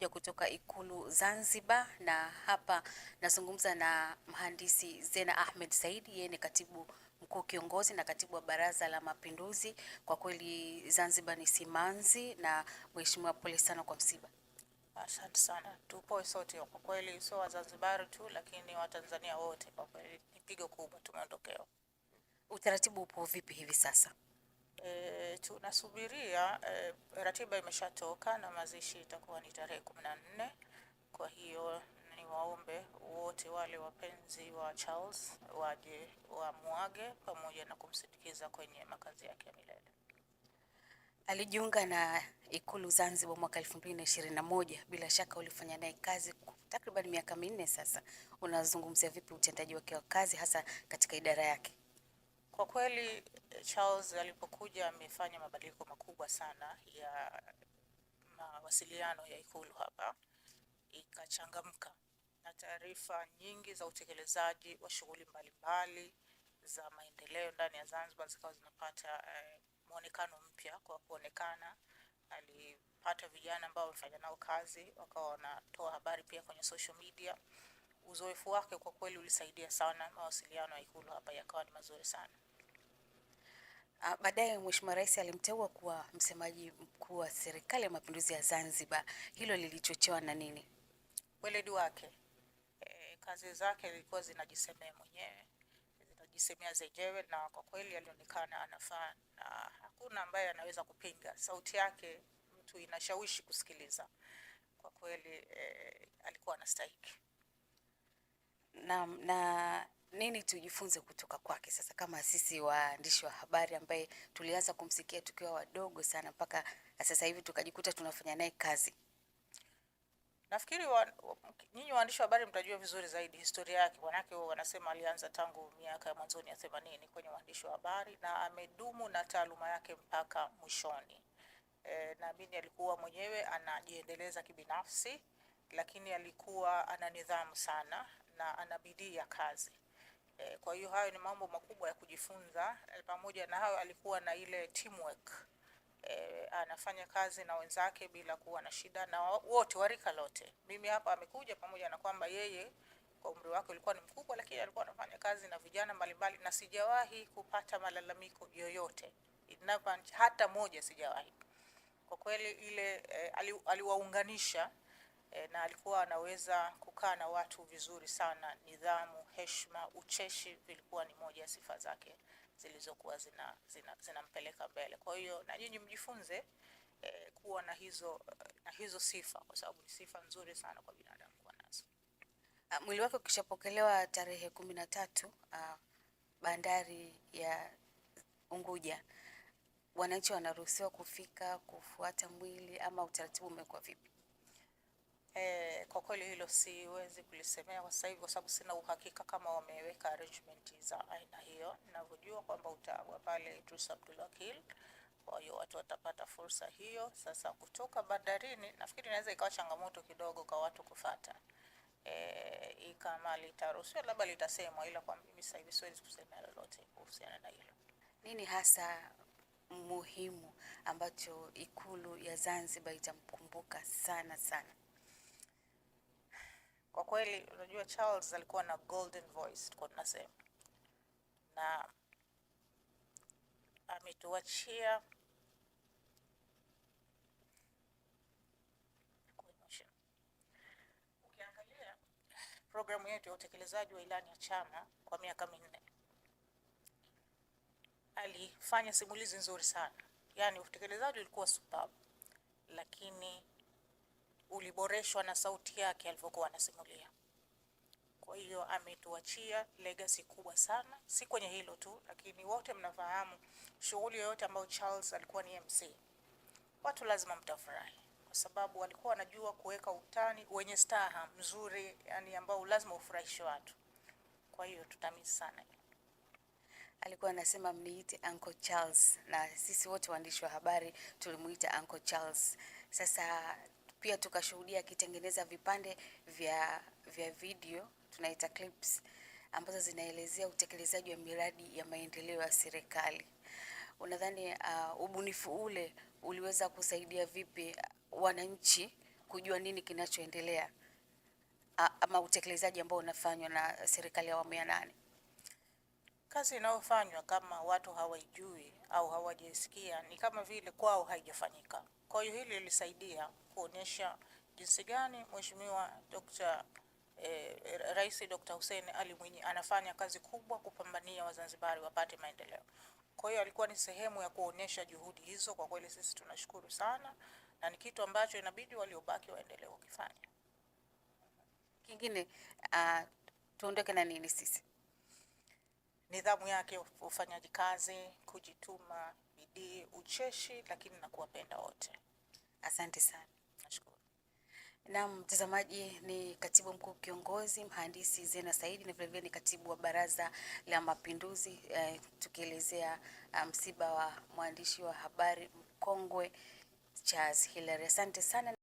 kuja kutoka Ikulu Zanzibar, na hapa nazungumza na mhandisi Zena Ahmed Said, yeye ni katibu mkuu kiongozi na katibu wa Baraza la Mapinduzi. Kwa kweli Zanzibar ni simanzi, na mheshimiwa, pole sana kwa msiba. Asante sana, tupo sote kwa kweli, sio Wazanzibari tu lakini Watanzania wote. Kwa kweli ni pigo kubwa tumeondokewa. Utaratibu upo vipi hivi sasa? E, tunasubiria e, ratiba imeshatoka na mazishi itakuwa ni tarehe kumi na nne. Kwa hiyo ni waombe wote wale wapenzi wa Charles waje wamuage pamoja na kumsindikiza kwenye makazi yake ya milele. Alijiunga na Ikulu Zanzibar mwaka 2021. Bila shaka ulifanya naye kazi takriban miaka minne sasa. Unazungumzia vipi utendaji wake wa kazi hasa katika idara yake? Kwa kweli Charles alipokuja amefanya mabadiliko makubwa sana ya mawasiliano ya Ikulu hapa, ikachangamka na taarifa nyingi za utekelezaji wa shughuli mbalimbali za maendeleo ndani ya Zanzibar zikawa zinapata eh, muonekano mpya kwa kuonekana. Alipata vijana ambao wamefanya nao kazi, wakawa wanatoa habari pia kwenye social media uzoefu wake kwa kweli ulisaidia sana, mawasiliano ya ikulu hapa yakawa ni mazuri sana. Ah, baadaye Mheshimiwa Rais alimteua kuwa msemaji mkuu wa Serikali ya Mapinduzi ya Zanzibar. Hilo lilichochewa na nini? Weledi wake e, kazi zake zilikuwa zinajisemea mwenyewe zinajisemea zenyewe, na kwa kweli alionekana anafaa na hakuna ambaye anaweza kupinga. Sauti yake mtu inashawishi kusikiliza kwa kweli e, alikuwa anastahiki na, na nini tujifunze kutoka kwake sasa, kama sisi waandishi wa habari ambaye tulianza kumsikia tukiwa wadogo sana mpaka sasa hivi tukajikuta tunafanya naye kazi. Nafikiri wa, nyinyi waandishi wa habari mtajua vizuri zaidi historia yake, manake wanasema alianza tangu miaka ya mwanzoni ya themanini kwenye uandishi wa habari na amedumu na taaluma yake mpaka mwishoni. E, naamini alikuwa mwenyewe anajiendeleza kibinafsi, lakini alikuwa ana nidhamu sana na ana bidii ya kazi. E, kwa hiyo hayo ni mambo makubwa ya kujifunza. E, pamoja na hayo alikuwa na ile teamwork. E, anafanya kazi na wenzake bila kuwa na shida na wote warika lote. Mimi hapa amekuja pamoja na kwamba yeye kwa umri wake ulikuwa ni mkubwa, lakini alikuwa anafanya kazi na vijana mbalimbali, na sijawahi kupata malalamiko yoyote hata moja, sijawahi kwa kweli. Ile e, ali, e, na alikuwa anaweza kukaa na watu vizuri sana. Nidhamu, heshima, ucheshi vilikuwa ni moja ya sifa zake zilizokuwa zinampeleka zina, zina mbele. Kwa hiyo na nyinyi mjifunze e, kuwa na hizo, na hizo sifa kwa sababu ni sifa nzuri sana kwa binadamu kuwa nazo. Ah, mwili wake ukishapokelewa tarehe kumi na tatu ah, bandari ya Unguja, wananchi wanaruhusiwa kufika kufuata mwili ama utaratibu umekuwa vipi? Eh, kwa kweli hilo siwezi kulisemea kwa sasa hivi, kwa sababu sina uhakika kama wameweka arrangement za aina hiyo. Ninavyojua kwamba utaagwa pale Idris Abdul Wakil, kwa hiyo watu watapata fursa hiyo. Sasa kutoka bandarini, nafikiri inaweza ikawa changamoto kidogo kwa watu kufata eh, kama litaruhusiwa labda litasemwa, ila kwa mimi sasa hivi siwezi kusemea lolote kuhusiana na hilo. Nini hasa muhimu ambacho Ikulu ya Zanzibar itamkumbuka sana sana kweli, unajua Charles alikuwa na golden voice, tulikuwa tunasema, na ametuachia programu yetu ya utekelezaji wa ilani ya chama kwa miaka minne. Alifanya simulizi nzuri sana, yaani utekelezaji ulikuwa superb, lakini uliboreshwa na sauti yake alivyokuwa anasimulia. Kwa hiyo ametuachia legacy kubwa sana, si kwenye hilo tu, lakini wote mnafahamu shughuli yoyote ambayo Charles alikuwa ni MC, watu lazima mtafurahi, kwa sababu alikuwa anajua kuweka utani wenye staha mzuri, yani ambao lazima ufurahishe watu. Kwa hiyo tutamisi sana alikuwa anasema mniite Uncle Charles, na sisi wote waandishi wa habari tulimuita Uncle Charles. Sasa pia tukashuhudia akitengeneza vipande vya, vya video tunaita clips ambazo zinaelezea utekelezaji wa miradi ya maendeleo ya serikali. Unadhani uh, ubunifu ule uliweza kusaidia vipi wananchi kujua nini kinachoendelea uh, ama utekelezaji ambao unafanywa na serikali ya awamu ya nane? Kazi inayofanywa kama watu hawaijui au hawajisikia, ni kama vile kwao haijafanyika. Kwa hiyo hili lilisaidia kuonyesha jinsi gani Mheshimiwa Dr. eh, Rais Dr. Hussein Ali Mwinyi anafanya kazi kubwa kupambania Wazanzibari wapate maendeleo. Kwa hiyo alikuwa ni sehemu ya kuonyesha juhudi hizo. Kwa kweli sisi tunashukuru sana, na ni kitu ambacho inabidi waliobaki waendelee kukifanya. Kingine uh, tuondoke na nini sisi? Nidhamu yake, ufanyaji kazi, kujituma, bidii, ucheshi, lakini na kuwapenda wote. Asante sana. Na mtazamaji, ni katibu mkuu kiongozi mhandisi Zena Saidi na vilevile ni katibu wa Baraza la Mapinduzi eh, tukielezea ah, msiba um, wa mwandishi wa habari mkongwe Charles Hilary. Asante sana.